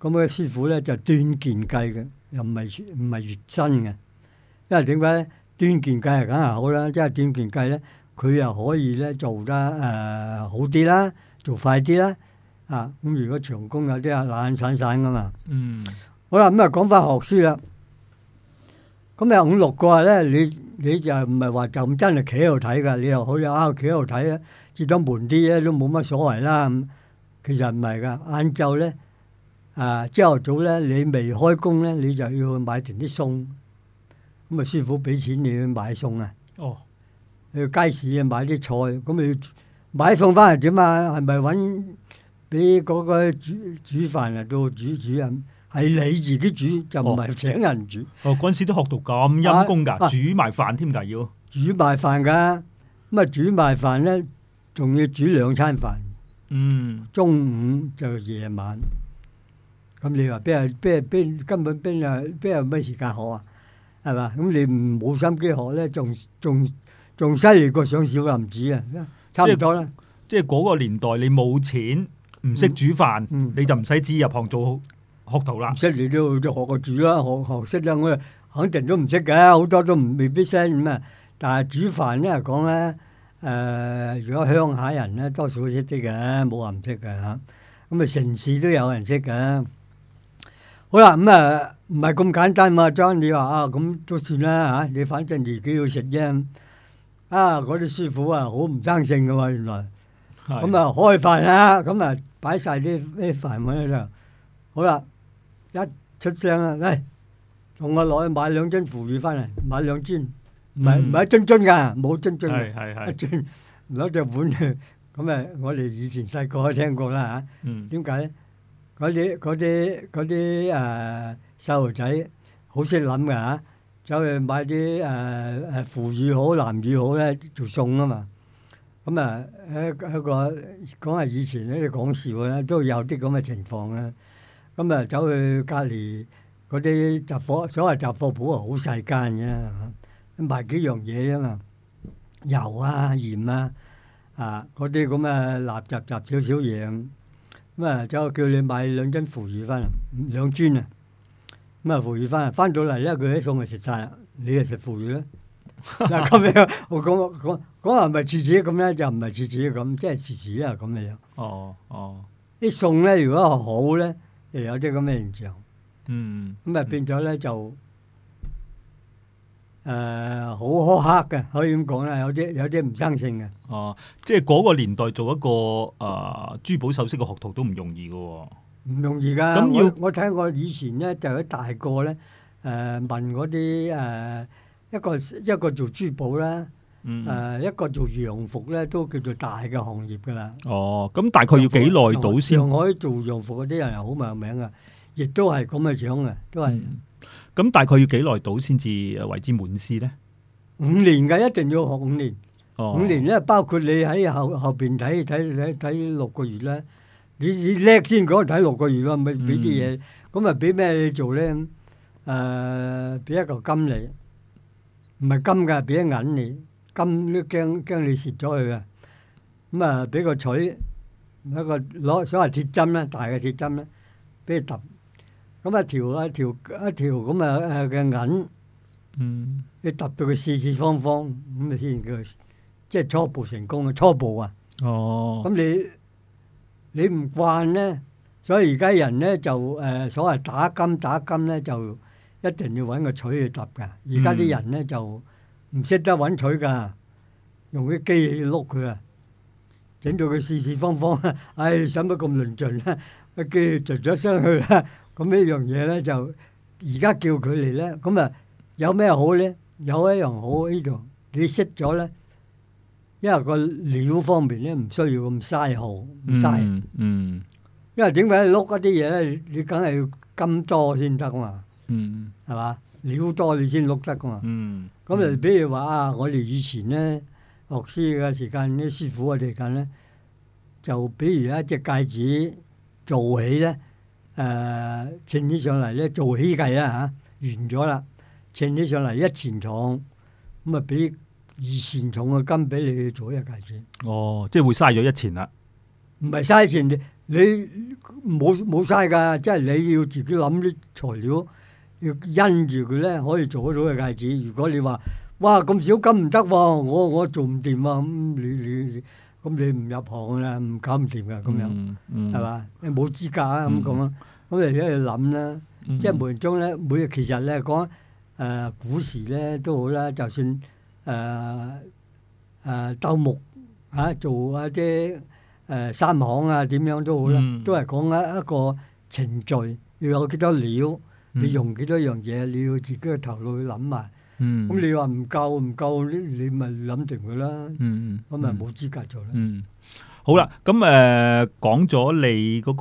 咁嘅師傅咧就斷、是、件計嘅，又唔係唔係月薪嘅。因為點解咧？斷件計係梗係好啦，即係斷件計咧，佢又可以咧做得誒好啲啦，做快啲啦。啊，咁如果長工有啲啊懶散散噶嘛。嗯。好啦，咁啊講翻學書啦。咁啊五六個咧，你你就唔係話就咁真係企喺度睇噶，你又好似啊企喺度睇啊，至多悶啲啫，都冇乜所謂啦。咁其實唔係噶，晏晝咧啊，朝頭早咧，你未開工咧，你就要去買定啲餸。咁啊，師傅俾錢你去買餸啊！哦，去街市啊買啲菜，咁啊買餸翻嚟點啊？係咪揾俾嗰個煮煮飯啊做煮主任？係你自己煮就唔係請人煮。哦，嗰陣時都學到咁陰功㗎、啊啊，煮埋飯添㗎要。煮埋飯㗎，咁啊煮埋飯咧，仲要煮兩餐飯。嗯，中午就夜晚。咁你話邊日邊日邊根本邊日邊日咩時間好啊？係嘛？咁你唔冇心機學咧，仲仲仲犀利過上小林子啊！差唔多啦。即係嗰個年代，你冇錢，唔識煮飯，嗯嗯、你就唔使入行做學徒啦。唔識你都都學個煮啦，學學識啦。我肯定都唔識嘅，好多都未必識咁啊。但係煮飯咧講咧，誒、呃、如果鄉下人咧，多少都識啲嘅，冇話唔識嘅嚇。咁、嗯、啊，城市都有人識嘅。好啦，咁、嗯、啊。唔係咁簡單嘛，張你話啊咁都算啦嚇，你反正自己要食啫。啊，嗰啲師傅啊，好唔生性㗎喎，原來。咁啊開飯啦，咁啊擺曬啲啲飯喺度，好啦，一出聲啦，餵，同我落去買兩樽腐乳翻嚟，買兩樽，唔係唔係一樽樽㗎，冇樽樽嘅，一樽攞隻碗去，咁啊我哋以前細個都聽過啦嚇。點解咧？嗰啲嗰啲嗰啲誒。細路仔好識諗嘅嚇，走去買啲誒誒腐乳好、南乳好咧做餸啊嘛。咁啊，誒嗰個講下以前咧講笑咧，都有啲咁嘅情況咧。咁啊，走去隔離嗰啲雜貨，所謂雜貨鋪啊，好細間嘅，賣幾樣嘢啫嘛，油啊、鹽啊啊嗰啲咁嘅垃圾雜少少嘢咁。咁啊，走去、啊嗯啊、叫你買兩樽腐乳翻嚟，兩樽啊。咁啊，腐乳翻嚟，翻到嚟咧，佢啲餸就食晒啦，你又食腐乳啦，嗱，咁樣，我講講講話唔係似子咁咧，就唔係似子咁，即係似子啊咁嘅樣。哦哦，啲餸咧，如果好咧，又有啲咁嘅現象。嗯，咁啊變咗咧、嗯、就誒好、呃、苛刻嘅，可以咁講啦，有啲有啲唔生性嘅。哦，即係嗰個年代做一個誒、呃、珠寶首飾嘅學徒都唔容易嘅喎。唔容易噶，咁我我睇我以前咧就一大個咧，誒問嗰啲誒一個一個做珠寶啦，誒一個做洋服咧都叫做大嘅行業噶啦。哦，咁大概要幾耐到先？上海做洋服嗰啲人又好有名啊，亦都係咁嘅樣啊，都係。咁大概要幾耐到先至為之滿師咧？五年噶，一定要學五年。哦，五年咧，包括你喺後後邊睇睇睇睇六個月咧。你你叻先，嗰個睇六個月咯，咪俾啲嘢，咁啊俾咩你做咧？誒，俾一嚿金你，唔係金㗎，俾啲銀你，金都驚驚你蝕咗佢啊！咁啊，俾個錘，一個攞所謂鐵針咧，大嘅鐵針咧，俾你揼，咁啊條一條一條咁啊嘅銀，嗯，你揼到佢四四方方，咁啊先叫，即係初步成功啊，初步啊，哦，咁你。你唔慣咧，所以而家人咧就誒、呃、所謂打金打金咧，就一定要搵個錘去揼㗎。而家啲人咧、mm. 就唔識得揾錘㗎，用啲機器去碌佢啊，整到佢四四方方。唉、哎，使乜咁論盡咧？啊，叫嘈咗聲去。啦、啊。咁呢樣嘢咧就而家叫佢嚟咧，咁啊有咩好咧？有一樣好呢樣，你識咗咧。因為個料方面咧，唔需要咁嘥耗，唔嘥、嗯。嗯，因為點解碌一啲嘢咧？你梗係要金多先得嘛？嗯，係嘛？料多你先碌得噶嘛嗯？嗯，咁誒，比如話啊，我哋以前咧學師嘅時間，啲師傅嘅時間咧，就比如一隻戒指做起咧，誒稱起上嚟咧，做起計啦吓、啊，完咗啦，稱起上嚟一錢重，咁啊俾。二錢重嘅金俾你去做一個戒指，哦，即係會嘥咗一錢啦。唔係嘥錢，你冇冇嘥㗎。即係你要自己諗啲材料，要因住佢咧可以做得到嘅戒指。如果你話哇咁少金唔得喎，我我做唔掂啊。咁你你咁你唔入行㗎，唔搞唔掂㗎，咁樣係嘛？你冇資格啊，咁講啊，咁你喺度諗啦。嗯、即係無形中咧，每日其實咧講誒、呃、古時咧都好啦，就算。誒誒，鬥木吓做一啲誒三行啊，點樣都好啦，嗯、都係講一一個程序，要有幾多料，嗯、你用幾多樣嘢，你要自己嘅頭腦去諗埋。咁你話唔夠唔夠，你夠夠你咪諗定佢啦。咁咪冇資格做啦，嗯嗯。好啦，咁誒講咗你嗰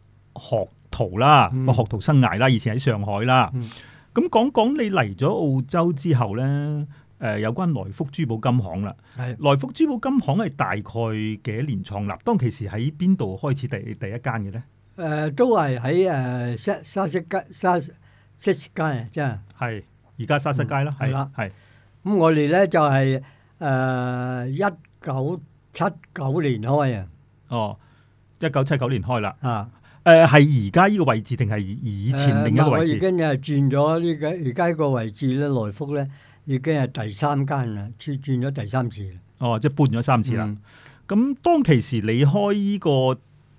個學徒啦，個、嗯、學徒生涯啦，以前喺上海啦。咁講講你嚟咗澳洲之後咧？誒、呃，有關來福珠寶金行啦，係的來福珠寶金行係大概幾多年創立？當其時喺邊度開始第第一間嘅咧？誒、呃，都係喺誒沙沙石街沙石街啊，即係，係而家沙石街啦，係啦，係咁我哋咧就係誒一九七九年開、哦、年開啊，哦、呃，一九七九年開啦，啊，誒係而家呢個位置定係以前另一個位置？我已經係轉咗呢、這個而家呢個位置咧，來福咧。已經係第三間啦，轉轉咗第三次哦，即係搬咗三次啦。咁、嗯、當其時你開依個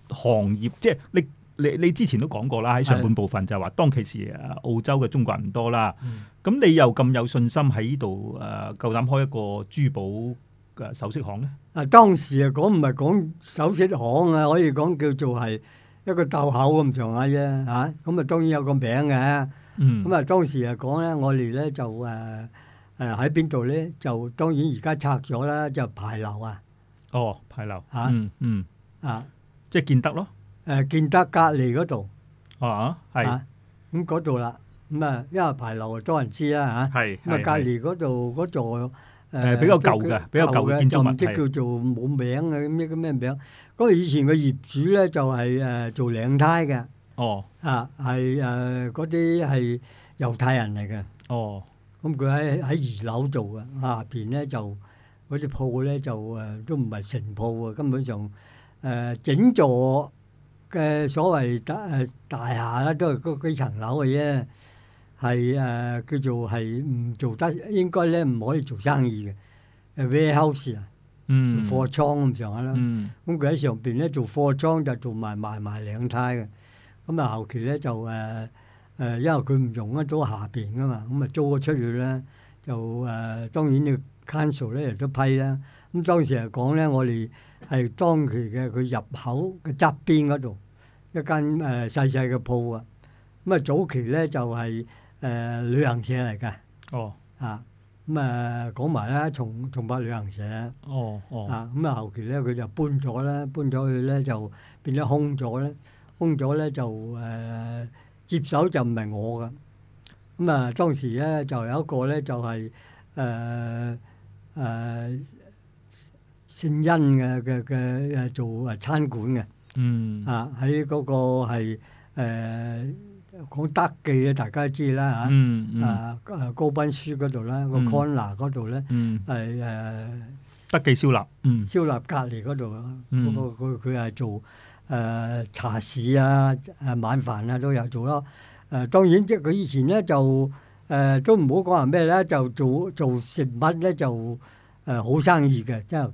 行業，即係你你你之前都講過啦，喺上半部分就係話當其時澳洲嘅中國人唔多啦。咁、嗯、你又咁有信心喺呢度誒，夠、呃、膽開一個珠寶嘅首飾行咧？啊，當時啊講唔係講首飾行啊，可以講叫做係一個豆口咁上下啫吓。咁啊當然有個名嘅、啊。咁、嗯、啊當時啊講咧，我哋咧就誒。誒，喺邊度咧？就當然而家拆咗啦，就排樓啊！哦，排樓吓，嗯啊，即係建德咯。誒，建德隔籬嗰度啊，係咁嗰度啦。咁啊，因為排樓多人知啦吓。係咁啊，隔籬嗰度嗰座誒，比較舊嘅，比較舊嘅，建築物，就唔知叫做冇名嘅，咩嘅咩名。嗰個以前嘅業主咧，就係誒做領呔嘅。哦，啊，係誒嗰啲係猶太人嚟嘅。哦。咁佢喺喺二樓做嘅，下邊咧，就嗰隻鋪咧，就誒都唔係成鋪啊，根本上誒整座嘅所謂大誒大廈咧，都係嗰幾層樓嘅啫，係誒叫做係唔做得，應該咧唔可以做生意嘅 Warehouse 啊，嗯，貨倉咁上下啦。咁佢喺上邊咧做貨倉就做埋賣賣兩棲嘅，咁啊後期咧就誒。誒，因為佢唔用得到下邊噶嘛，咁啊租咗出去咧，就誒當然要 cancel 咧，亦都批啦。咁當時嚟講咧，我哋係當期嘅佢入口嘅側邊嗰度一間誒細細嘅鋪啊。咁啊，早期咧就係誒旅行社嚟嘅。哦。啊。咁啊，講埋咧，從從化旅行社。哦。哦。啊，咁啊，後期咧佢就搬咗啦，搬咗去咧就變咗空咗啦，空咗咧就誒。接手就唔係我嘅，咁啊當時咧就有一個咧就係誒誒姓殷嘅嘅嘅誒做誒餐館嘅，嗯啊喺嗰個係誒講德記啊，大家知啦嚇，嗯啊啊高賓書嗰度啦，個 corner 嗰度咧，嗯係誒德記燒臘，嗯燒臘隔籬嗰度啊，嗯嗰個佢佢係做。誒、呃、茶市啊、誒晚飯啊都有做咯。誒、呃、當然即佢以前咧就誒、呃、都唔好講話咩咧，就做做食物咧就誒、呃、好生意嘅，即係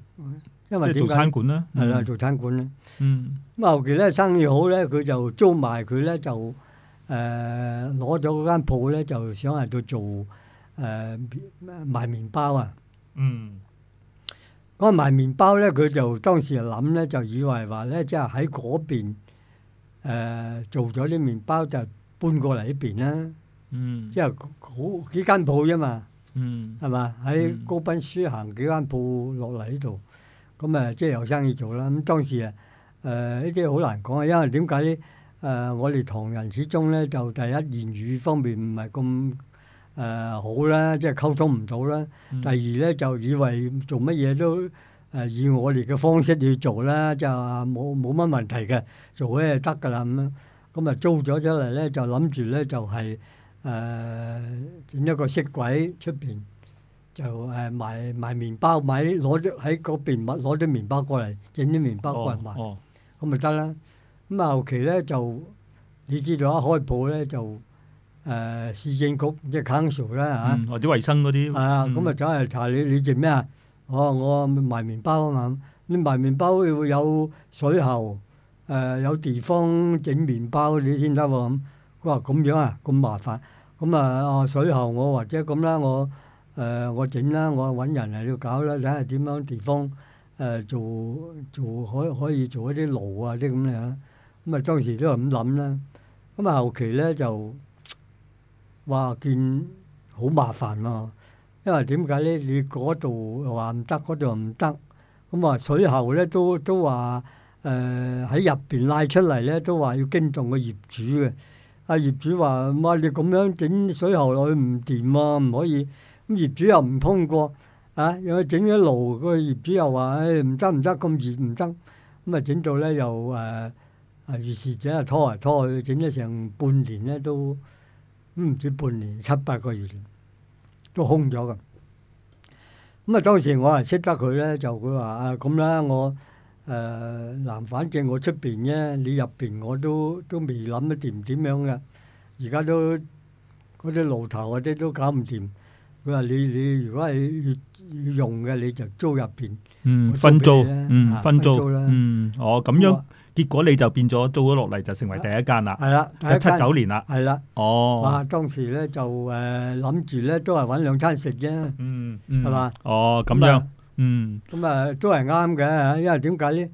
因為，為做餐館啦，係啦，做餐館啦。嗯。咁後期咧生意好咧，佢就租埋佢咧就誒攞咗嗰間鋪咧，就想喺度做誒、呃、賣麵包啊。嗯。講埋麵包咧，佢就當時諗咧，就以為話咧，即係喺嗰邊、呃、做咗啲麵包，就搬過嚟呢邊啦、啊嗯。嗯，即係好幾間鋪啫嘛。嗯，係嘛？喺高斌書行幾間鋪落嚟呢度，咁啊，即係有生意做啦。咁當時啊，誒呢啲好難講啊，因為點解咧？誒、呃，我哋唐人始終咧就第一言語方面唔係咁。誒、呃、好啦，即係溝通唔到啦。嗯、第二咧就以為做乜嘢都，誒、呃、以我哋嘅方式去做啦，就冇冇乜問題嘅，做咧得㗎喇咁。咁啊租咗出嚟咧，就諗住咧就係誒整一個色鬼出邊，面就誒、呃、賣賣麵包，買攞啲喺嗰邊買攞啲麵包過嚟，整啲麵包過嚟賣，咁咪得啦。咁、哦、啊後期咧就你知道一開鋪咧就～就誒市政局即係 council 啦嚇，或者衞生嗰啲。係啊，咁啊走嚟查你，你做咩啊？我我賣麵包啊嘛，咁你賣麵包要會有水喉，誒有地方整麵包嗰啲先得喎咁。佢話咁樣啊，咁麻煩。咁啊，水喉我或者咁啦，我誒我整啦，我揾人嚟要搞啦，睇下點樣地方誒做做可可以做一啲爐啊啲咁樣。咁啊當時都係咁諗啦。咁啊後期咧就。話見好麻煩咯，啊，因為點解咧？你嗰度又話唔得，嗰度又唔得。咁、嗯、啊，水喉咧都都話誒喺入邊拉出嚟咧，都話要驚動個業主嘅。啊業主話：哇，你咁樣整水喉落去唔掂啊，唔可以。咁、嗯、業主又唔通過啊，又整咗爐，個業主又話：誒唔得，唔得，咁熱唔得。」咁啊，整、嗯、到咧又誒誒，隨、呃、時整啊拖嚟拖，拖去，整咗成半年咧都。都唔止，半年七八個月，都空咗噶。咁啊，當時我係識得佢咧，就佢話啊，咁啦，我誒嗱，呃、反正我出邊咧，你入邊我都都未諗得掂點樣嘅。而家都嗰啲爐頭嗰啲都搞唔掂。佢話你你如果係用嘅，你就租入邊。嗯，租，分租，嗯，分租，嗯，嗯哦，咁樣。結果你就變咗租咗落嚟，就成為第一間啦。係啦，就七九年啦。係啦。哦。當時咧就誒諗住咧，都係揾兩餐食啫。嗯嗯。係嘛？哦，咁樣。嗯。咁啊，都係啱嘅，因為點解咧？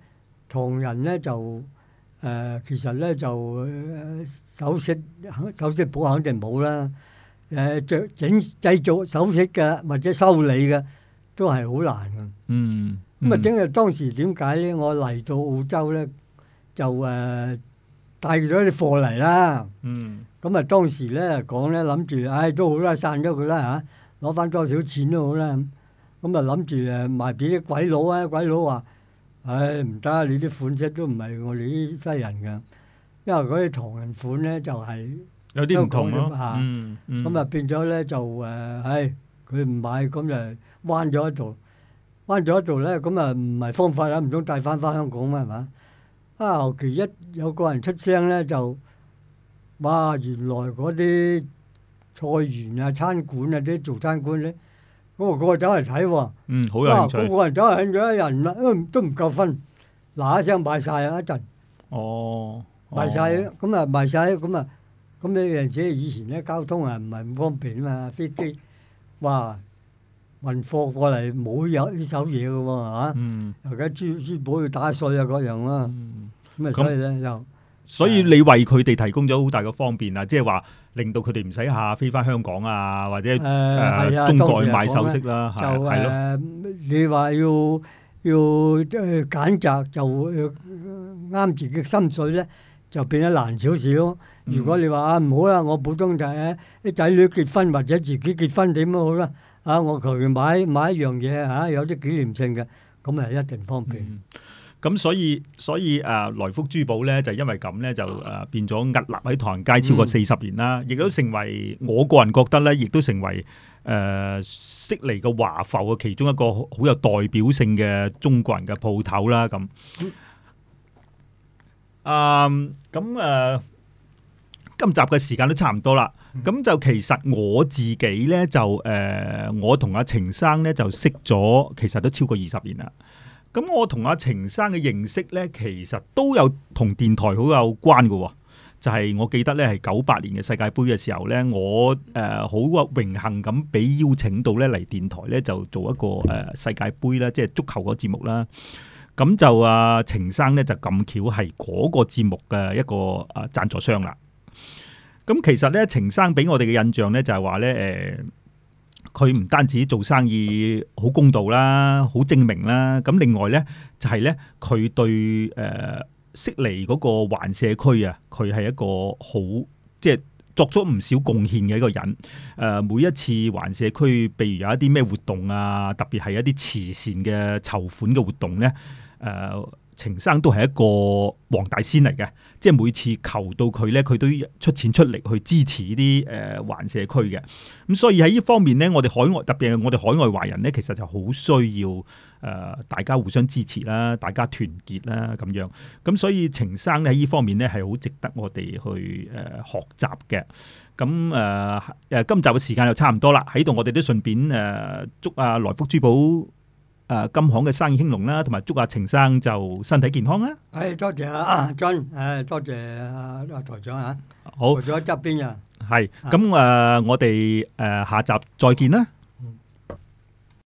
唐人咧就誒，其實咧就首飾肯首飾鋪肯定冇啦。誒，著整製造首飾嘅或者修理嘅都係好難嘅。嗯。咁啊，整嘅當時點解咧？我嚟到澳洲咧，就誒、呃、帶住咗啲貨嚟啦，咁啊、嗯、當時咧講咧諗住，唉都好啦，散咗佢啦嚇，攞、啊、翻多少錢都好啦。咁啊諗住誒賣俾啲鬼佬啊，鬼佬話：唉唔得，你啲款式都唔係我哋啲西人嘅，因為嗰啲唐人款咧就係、是、有啲唔同咯嚇。咁啊、嗯嗯、變咗咧就唉，佢唔買，咁就彎咗一度，彎咗一度咧，咁啊唔係方法啦，唔通帶翻翻香港嘛？係嘛？啊！後期一有個人出聲咧，就哇！原來嗰啲菜園啊、餐館啊啲做餐館咧，嗰個走嚟睇喎。嗯，好有趣。哇！嗰個人走嚟睇咗一人啦，都都唔夠分，嗱一聲賣曬啊一陣。哦。賣曬，咁啊賣曬，咁啊咁你而且以前咧交通啊唔係咁方便啊嘛，飛機哇運貨過嚟冇有呢手嘢嘅喎嚇。嗯。而家珠珠寶要打碎啊，各樣啦。嗯。咁所以咧又，那所以你為佢哋提供咗好大嘅方便啊！即係話令到佢哋唔使下飛翻香港啊，或者的、呃、中國買首飾啦，係咯。你話要要揀擇就啱自己心水咧，就變得難少少。嗯、如果你話啊唔好啦，我普通就係啲仔女結婚或者自己結婚點都好啦。啊，我求其買買一樣嘢啊，有啲紀念性嘅，咁係一定方便。咁所以所以誒、呃，來福珠寶呢，就因為咁呢，就誒、呃、變咗屹立喺唐人街超過四十年啦，亦、嗯、都成為我個人覺得呢，亦都成為誒、呃、悉尼嘅華埠嘅其中一個好有代表性嘅中國人嘅鋪頭啦。咁、嗯啊，嗯，咁、嗯、誒，今集嘅時間都差唔多啦。咁就、嗯嗯、其實我自己呢，就誒、呃，我同阿程生呢，就識咗，其實都超過二十年啦。咁我同阿程生嘅認識呢，其實都有同電台好有關嘅、哦，就係、是、我記得呢係九八年嘅世界盃嘅時候呢，我誒好啊榮幸咁俾邀請到呢嚟電台呢，就做一個誒、呃、世界盃啦，即係足球個節目啦。咁就阿、呃、程生呢，就咁巧係嗰個節目嘅一個誒贊助商啦。咁其實呢，程生俾我哋嘅印象呢，就係、是、話呢。誒、呃。佢唔單止做生意好公道啦，好證明啦。咁另外呢，就係呢，佢對誒悉尼嗰個環社區啊，佢係一個好即係作咗唔少貢獻嘅一個人。誒，每一次環社區，譬如有一啲咩活動啊，特別係一啲慈善嘅籌款嘅活動呢。誒。程生都係一個黃大仙嚟嘅，即係每次求到佢咧，佢都出錢出力去支持啲誒、呃、環社區嘅。咁、嗯、所以喺呢方面呢，我哋海外特別係我哋海外華人呢，其實就好需要誒、呃、大家互相支持啦，大家團結啦咁樣。咁、嗯、所以程生喺呢方面呢，係好值得我哋去誒、呃、學習嘅。咁誒誒今集嘅時間就差唔多啦，喺度我哋都順便誒、呃、祝阿、啊、萊福珠寶。誒，金行嘅生意興隆啦，同埋祝阿程生就身體健康啦。係多謝啊，John，誒，多謝阿台長啊，好，台長側邊啊，係，咁誒，我哋誒下集再見啦。